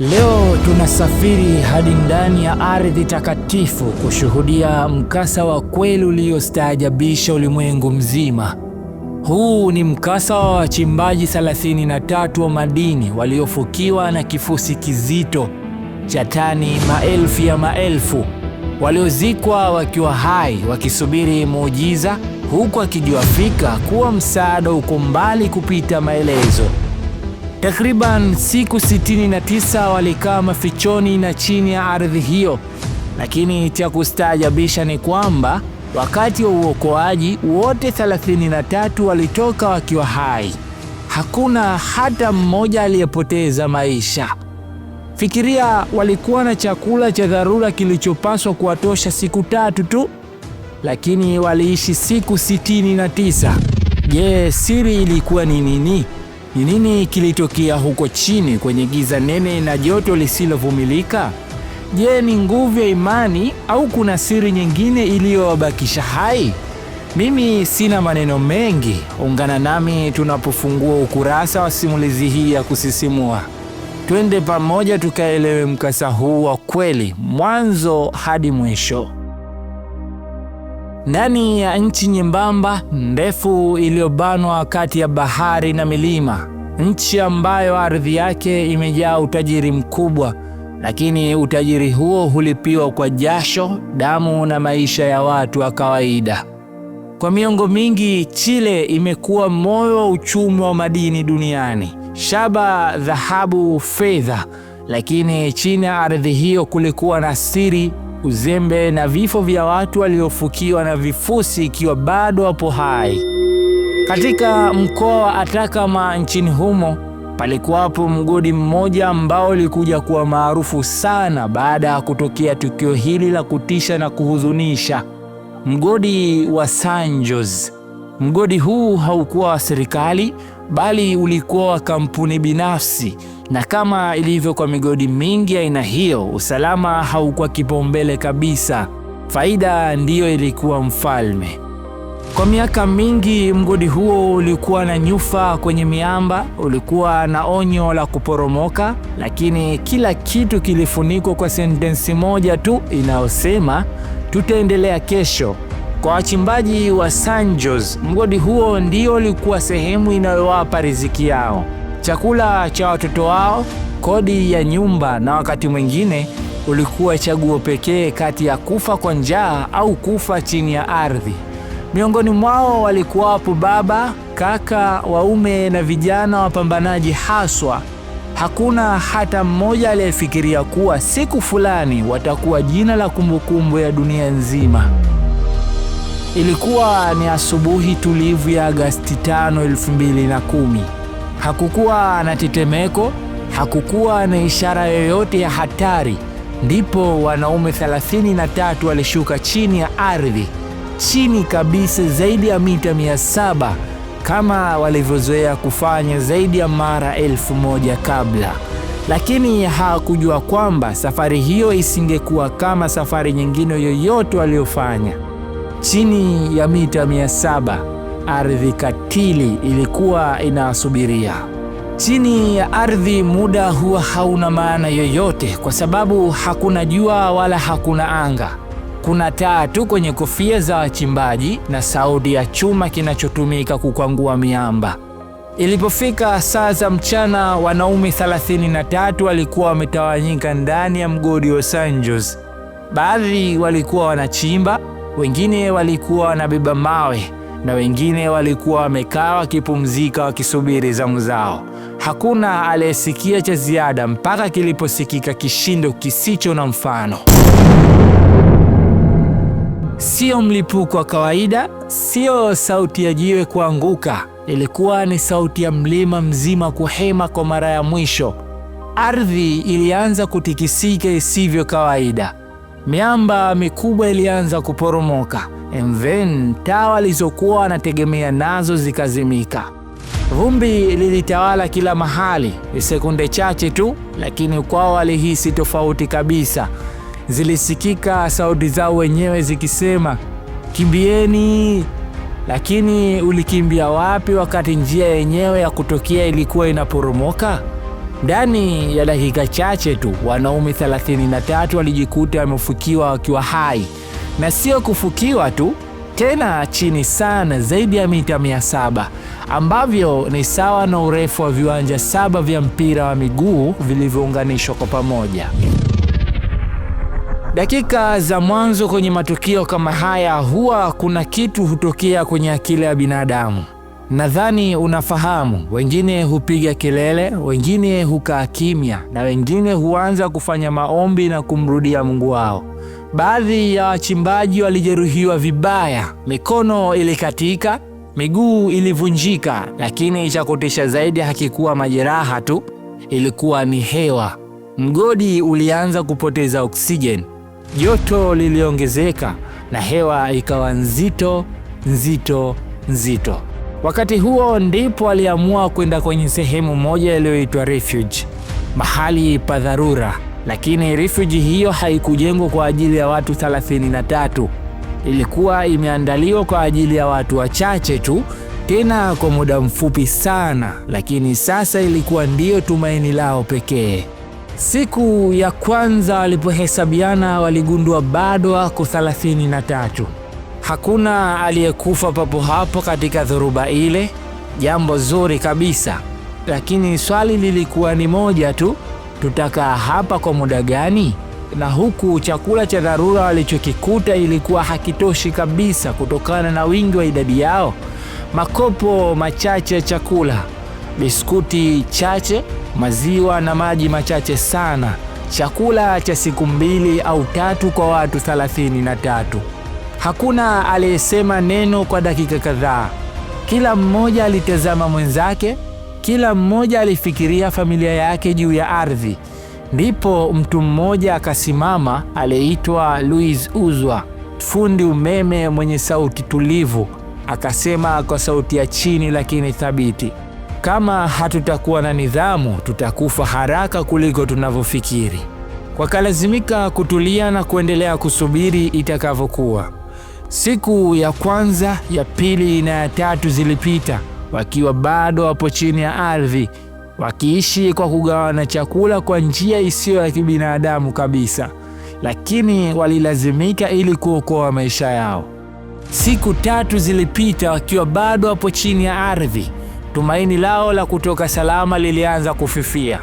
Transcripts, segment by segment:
Leo tunasafiri hadi ndani ya ardhi takatifu kushuhudia mkasa wa kweli uliostaajabisha ulimwengu mzima. Huu ni mkasa wa wachimbaji 33 wa madini waliofukiwa na kifusi kizito cha tani maelfu ya maelfu, waliozikwa wakiwa hai wakisubiri muujiza, huku akijua fika kuwa msaada uko mbali kupita maelezo. Takriban siku 69 walikaa mafichoni na chini ya ardhi hiyo, lakini cha kustaajabisha ni kwamba wakati wa uokoaji wote 33 walitoka wakiwa hai. Hakuna hata mmoja aliyepoteza maisha. Fikiria, walikuwa na chakula cha dharura kilichopaswa kuwatosha siku tatu tu, lakini waliishi siku 69. Je, siri ilikuwa ni nini? Ni nini kilitokea huko chini kwenye giza nene na joto lisilovumilika? Je, ni nguvu ya imani au kuna siri nyingine iliyowabakisha hai? Mimi sina maneno mengi. Ungana nami tunapofungua ukurasa wa simulizi hii ya kusisimua. Twende pamoja tukaelewe mkasa huu wa kweli mwanzo hadi mwisho ndani ya nchi nyembamba ndefu iliyobanwa kati ya bahari na milima, nchi ambayo ardhi yake imejaa utajiri mkubwa, lakini utajiri huo hulipiwa kwa jasho, damu na maisha ya watu wa kawaida. Kwa miongo mingi, Chile imekuwa moyo wa uchumi wa madini duniani: shaba, dhahabu, fedha. Lakini chini ya ardhi hiyo kulikuwa na siri uzembe na vifo vya watu waliofukiwa na vifusi ikiwa bado wapo hai. Katika mkoa wa Atakama nchini humo palikuwapo mgodi mmoja ambao ulikuja kuwa maarufu sana baada ya kutokea tukio hili la kutisha na kuhuzunisha, mgodi wa Sanjos. Mgodi huu haukuwa wa serikali bali ulikuwa wa kampuni binafsi, na kama ilivyo kwa migodi mingi aina hiyo, usalama haukuwa kipaumbele kabisa. Faida ndiyo ilikuwa mfalme. Kwa miaka mingi mgodi huo ulikuwa na nyufa kwenye miamba, ulikuwa na onyo la kuporomoka, lakini kila kitu kilifunikwa kwa sentensi moja tu inayosema tutaendelea kesho kwa wachimbaji wa Sanjos, mgodi huo ndio ulikuwa sehemu inayowapa riziki yao, chakula cha watoto wao, kodi ya nyumba, na wakati mwingine ulikuwa chaguo pekee kati ya kufa kwa njaa au kufa chini ya ardhi. Miongoni mwao walikuwa wapo baba, kaka, waume na vijana wapambanaji haswa. Hakuna hata mmoja aliyefikiria kuwa siku fulani watakuwa jina la kumbukumbu ya dunia nzima. Ilikuwa ni asubuhi tulivu ya Agasti 5, 2010. Hakukuwa na tetemeko, hakukuwa na ishara yoyote ya hatari. Ndipo wanaume 33 walishuka chini ya ardhi, chini kabisa zaidi ya mita 700 kama walivyozoea kufanya zaidi ya mara elfu moja kabla, lakini hawakujua kwamba safari hiyo isingekuwa kama safari nyingine yoyote waliofanya. Chini ya mita mia saba ardhi katili ilikuwa inasubiria. Chini ya ardhi muda huwa hauna maana yoyote, kwa sababu hakuna jua wala hakuna anga. Kuna taa tu kwenye kofia za wachimbaji na sauti ya chuma kinachotumika kukwangua miamba. Ilipofika saa za mchana, wanaume 33 walikuwa wametawanyika ndani ya mgodi wa Sanjos. Baadhi walikuwa wanachimba wengine walikuwa wanabeba mawe na wengine walikuwa wamekaa wakipumzika wakisubiri zamu zao. Hakuna aliyesikia cha ziada mpaka kiliposikika kishindo kisicho na mfano. Sio mlipuko wa kawaida, sio sauti ya jiwe kuanguka. Ilikuwa ni sauti ya mlima mzima kuhema kwa mara ya mwisho. Ardhi ilianza kutikisika isivyo kawaida miamba mikubwa ilianza kuporomoka. then tawa lizokuwa wanategemea nazo zikazimika. Vumbi lilitawala kila mahali. Sekunde chache tu, lakini kwao walihisi tofauti kabisa. Zilisikika sauti zao wenyewe zikisema, kimbieni. Lakini ulikimbia wapi wakati njia yenyewe ya kutokea ilikuwa inaporomoka? Ndani ya dakika chache tu wanaume 33 walijikuta wamefukiwa wakiwa hai, na sio kufukiwa tu tena chini sana zaidi ya mita 700 ambavyo ni sawa na urefu wa viwanja saba vya mpira wa miguu vilivyounganishwa kwa pamoja. Dakika za mwanzo kwenye matukio kama haya, huwa kuna kitu hutokea kwenye akili ya binadamu. Nadhani unafahamu, wengine hupiga kelele, wengine hukaa kimya, na wengine huanza kufanya maombi na kumrudia Mungu wao. Baadhi ya wachimbaji walijeruhiwa vibaya, mikono ilikatika, miguu ilivunjika, lakini cha kutisha zaidi hakikuwa majeraha tu, ilikuwa ni hewa. Mgodi ulianza kupoteza oksijeni, joto liliongezeka, na hewa ikawa nzito nzito nzito. Wakati huo ndipo aliamua kwenda kwenye sehemu moja iliyoitwa refuge, mahali pa dharura. Lakini refuge hiyo haikujengwa kwa ajili ya watu 33. Ilikuwa imeandaliwa kwa ajili ya watu wachache tu, tena kwa muda mfupi sana, lakini sasa ilikuwa ndiyo tumaini lao pekee. Siku ya kwanza walipohesabiana, waligundua bado wako 33. Hakuna aliyekufa papo hapo katika dhoruba ile, jambo zuri kabisa. Lakini swali lilikuwa ni moja tu, tutakaa hapa kwa muda gani? Na huku chakula cha dharura walichokikuta ilikuwa hakitoshi kabisa kutokana na wingi wa idadi yao. Makopo machache ya chakula, biskuti chache, maziwa na maji machache sana. Chakula cha siku mbili au tatu kwa watu thelathini na tatu. Hakuna aliyesema neno kwa dakika kadhaa. Kila mmoja alitazama mwenzake, kila mmoja alifikiria familia yake juu ya ardhi. Ndipo mtu mmoja akasimama, aliyeitwa Louis Uzwa, fundi umeme mwenye sauti tulivu, akasema kwa sauti ya chini lakini thabiti, kama hatutakuwa na nidhamu, tutakufa haraka kuliko tunavyofikiri. Wakalazimika kutulia na kuendelea kusubiri itakavyokuwa. Siku ya kwanza, ya pili na ya tatu zilipita wakiwa bado wapo chini ya ardhi, wakiishi kwa kugawana chakula kwa njia isiyo ya kibinadamu kabisa, lakini walilazimika ili kuokoa maisha yao. Siku tatu zilipita wakiwa bado wapo chini ya ardhi. Tumaini lao la kutoka salama lilianza kufifia.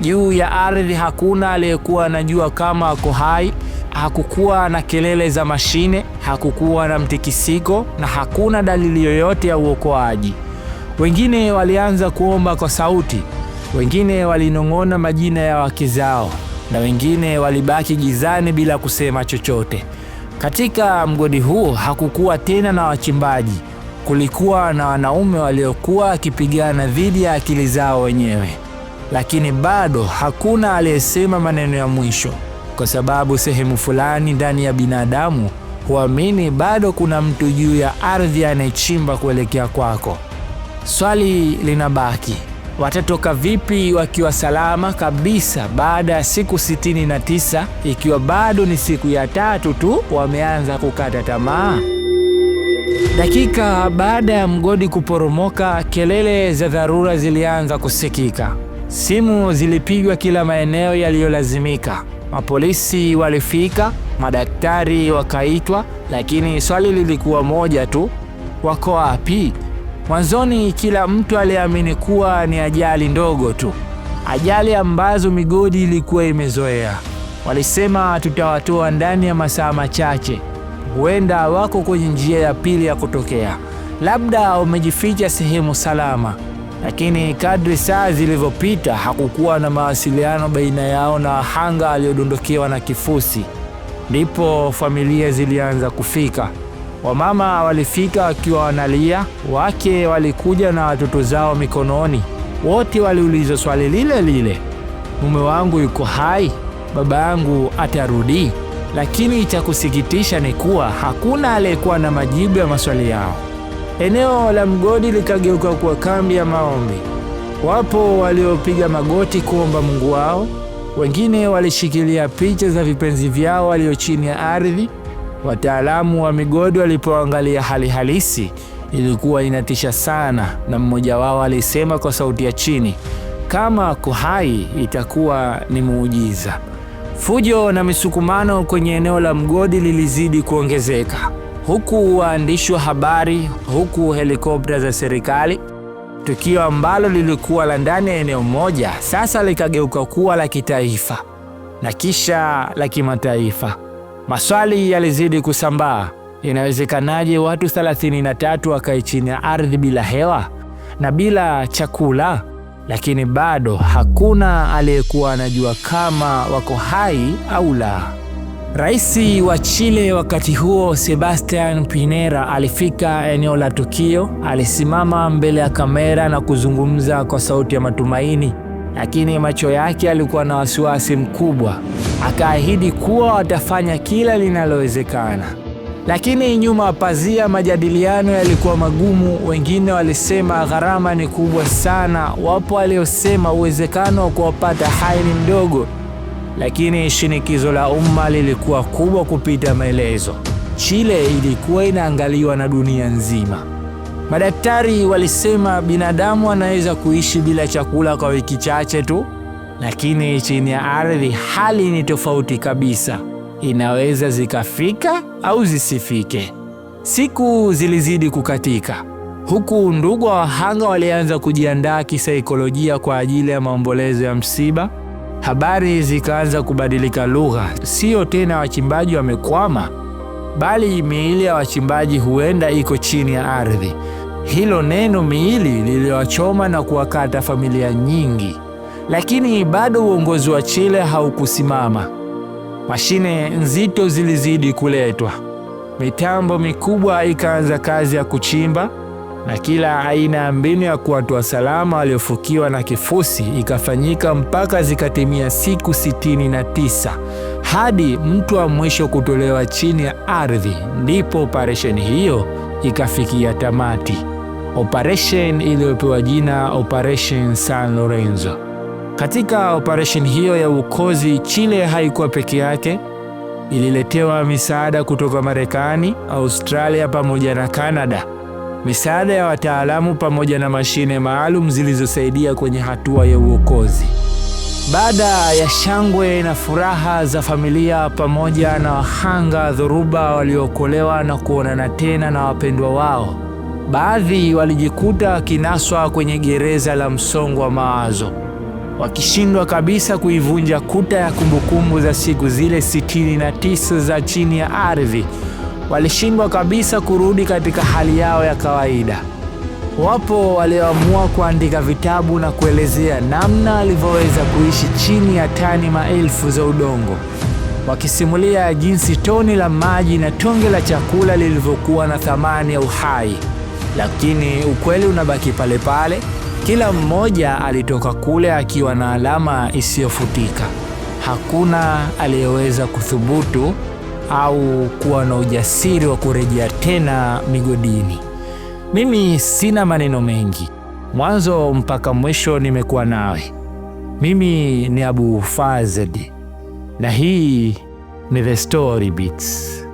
Juu ya ardhi hakuna aliyekuwa anajua kama ako hai Hakukuwa na kelele za mashine, hakukuwa na mtikisiko na hakuna dalili yoyote ya uokoaji. Wengine walianza kuomba kwa sauti, wengine walinong'ona majina ya wake zao, na wengine walibaki gizani bila kusema chochote. Katika mgodi huo hakukuwa tena na wachimbaji, kulikuwa na wanaume waliokuwa wakipigana dhidi ya akili zao wenyewe, lakini bado hakuna aliyesema maneno ya mwisho kwa sababu sehemu fulani ndani ya binadamu huamini bado kuna mtu juu ya ardhi anayechimba kuelekea kwako. Swali linabaki, watatoka vipi wakiwa salama kabisa baada ya siku 69 tisa ikiwa bado ni siku ya tatu tu wameanza kukata tamaa? Dakika baada ya mgodi kuporomoka, kelele za dharura zilianza kusikika. Simu zilipigwa kila maeneo yaliyolazimika. Mapolisi walifika, madaktari wakaitwa, lakini swali lilikuwa moja tu, wako wapi? Mwanzoni kila mtu aliamini kuwa ni ajali ndogo tu, ajali ambazo migodi ilikuwa imezoea. Walisema tutawatoa ndani ya masaa machache, huenda wako kwenye njia ya pili ya kutokea, labda wamejificha sehemu salama lakini kadri saa zilivyopita hakukuwa na mawasiliano baina yao na wahanga aliyodondokewa na kifusi. Ndipo familia zilianza kufika. Wamama walifika wakiwa wanalia, wake walikuja na watoto zao mikononi. Wote waliulizwa swali lile lile, mume wangu yuko hai? Baba yangu atarudi? Lakini cha kusikitisha ni kuwa hakuna aliyekuwa na majibu ya maswali yao. Eneo la mgodi likageuka kuwa kambi ya maombi. Wapo waliopiga magoti kuomba Mungu wao, wengine walishikilia picha za vipenzi vyao walio chini ya ardhi. Wataalamu wa migodi walipoangalia hali halisi ilikuwa inatisha sana, na mmoja wao alisema kwa sauti ya chini, kama kuhai itakuwa ni muujiza. Fujo na misukumano kwenye eneo la mgodi lilizidi kuongezeka huku waandishi wa habari, huku helikopta za serikali. Tukio ambalo lilikuwa la ndani ya eneo moja sasa likageuka kuwa la kitaifa na kisha la kimataifa. Maswali yalizidi kusambaa. Inawezekanaje watu 33 wakae chini ya ardhi bila hewa na bila chakula? Lakini bado hakuna aliyekuwa anajua kama wako hai au la. Rais wa Chile wakati huo Sebastian Pinera alifika eneo la tukio. Alisimama mbele ya kamera na kuzungumza kwa sauti ya matumaini, lakini macho yake alikuwa na wasiwasi mkubwa. Akaahidi kuwa watafanya kila linalowezekana, lakini nyuma ya pazia majadiliano yalikuwa magumu. Wengine walisema gharama ni kubwa sana, wapo waliosema uwezekano wa kuwapata hai ni mdogo lakini shinikizo la umma lilikuwa kubwa kupita maelezo. Chile ilikuwa inaangaliwa na dunia nzima. Madaktari walisema binadamu anaweza kuishi bila chakula kwa wiki chache tu, lakini chini ya ardhi hali ni tofauti kabisa. Inaweza zikafika au zisifike. Siku zilizidi kukatika, huku ndugu wa wahanga walianza kujiandaa kisaikolojia kwa ajili ya maombolezo ya msiba habari zikaanza kubadilika lugha. Sio tena wachimbaji wamekwama, bali miili ya wachimbaji huenda iko chini ya ardhi. Hilo neno miili liliwachoma na kuwakata familia nyingi, lakini bado uongozi wa Chile haukusimama. Mashine nzito zilizidi kuletwa, mitambo mikubwa ikaanza kazi ya kuchimba na kila aina ya mbinu ya kuwatoa salama waliofukiwa na kifusi ikafanyika mpaka zikatimia siku sitini na tisa hadi mtu wa mwisho kutolewa chini ya ardhi, ndipo operesheni hiyo ikafikia tamati, operesheni iliyopewa jina Operation San Lorenzo. Katika operesheni hiyo ya uokozi, Chile haikuwa peke yake. Ililetewa misaada kutoka Marekani, Australia pamoja na Kanada misaada ya wataalamu pamoja na mashine maalum zilizosaidia kwenye hatua ya uokozi. Baada ya shangwe na furaha za familia pamoja na wahanga dhoruba waliookolewa na kuonana tena na wapendwa wao, baadhi walijikuta wakinaswa kwenye gereza la msongo wa mawazo, wakishindwa kabisa kuivunja kuta ya kumbukumbu za siku zile 69 za chini ya ardhi walishindwa kabisa kurudi katika hali yao ya kawaida. Wapo walioamua kuandika vitabu na kuelezea namna alivyoweza kuishi chini ya tani maelfu za udongo, wakisimulia jinsi toni la maji na tonge la chakula lilivyokuwa na thamani ya uhai. Lakini ukweli unabaki pale pale, kila mmoja alitoka kule akiwa na alama isiyofutika. Hakuna aliyeweza kuthubutu au kuwa na ujasiri wa kurejea tena migodini. Mimi sina maneno mengi, mwanzo mpaka mwisho nimekuwa nawe. Mimi ni Abu Fazedi na hii ni The Story Bits.